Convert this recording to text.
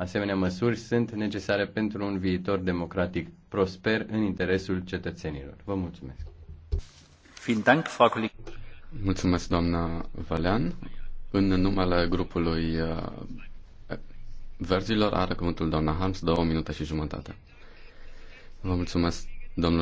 Asemenea măsuri sunt necesare pentru un viitor democratic prosper în interesul cetățenilor. Vă mulțumesc. Mulțumesc, doamna Valean. În numele grupului uh, Verzilor are cuvântul doamna Hans două minute și jumătate. Vă mulțumesc, domnule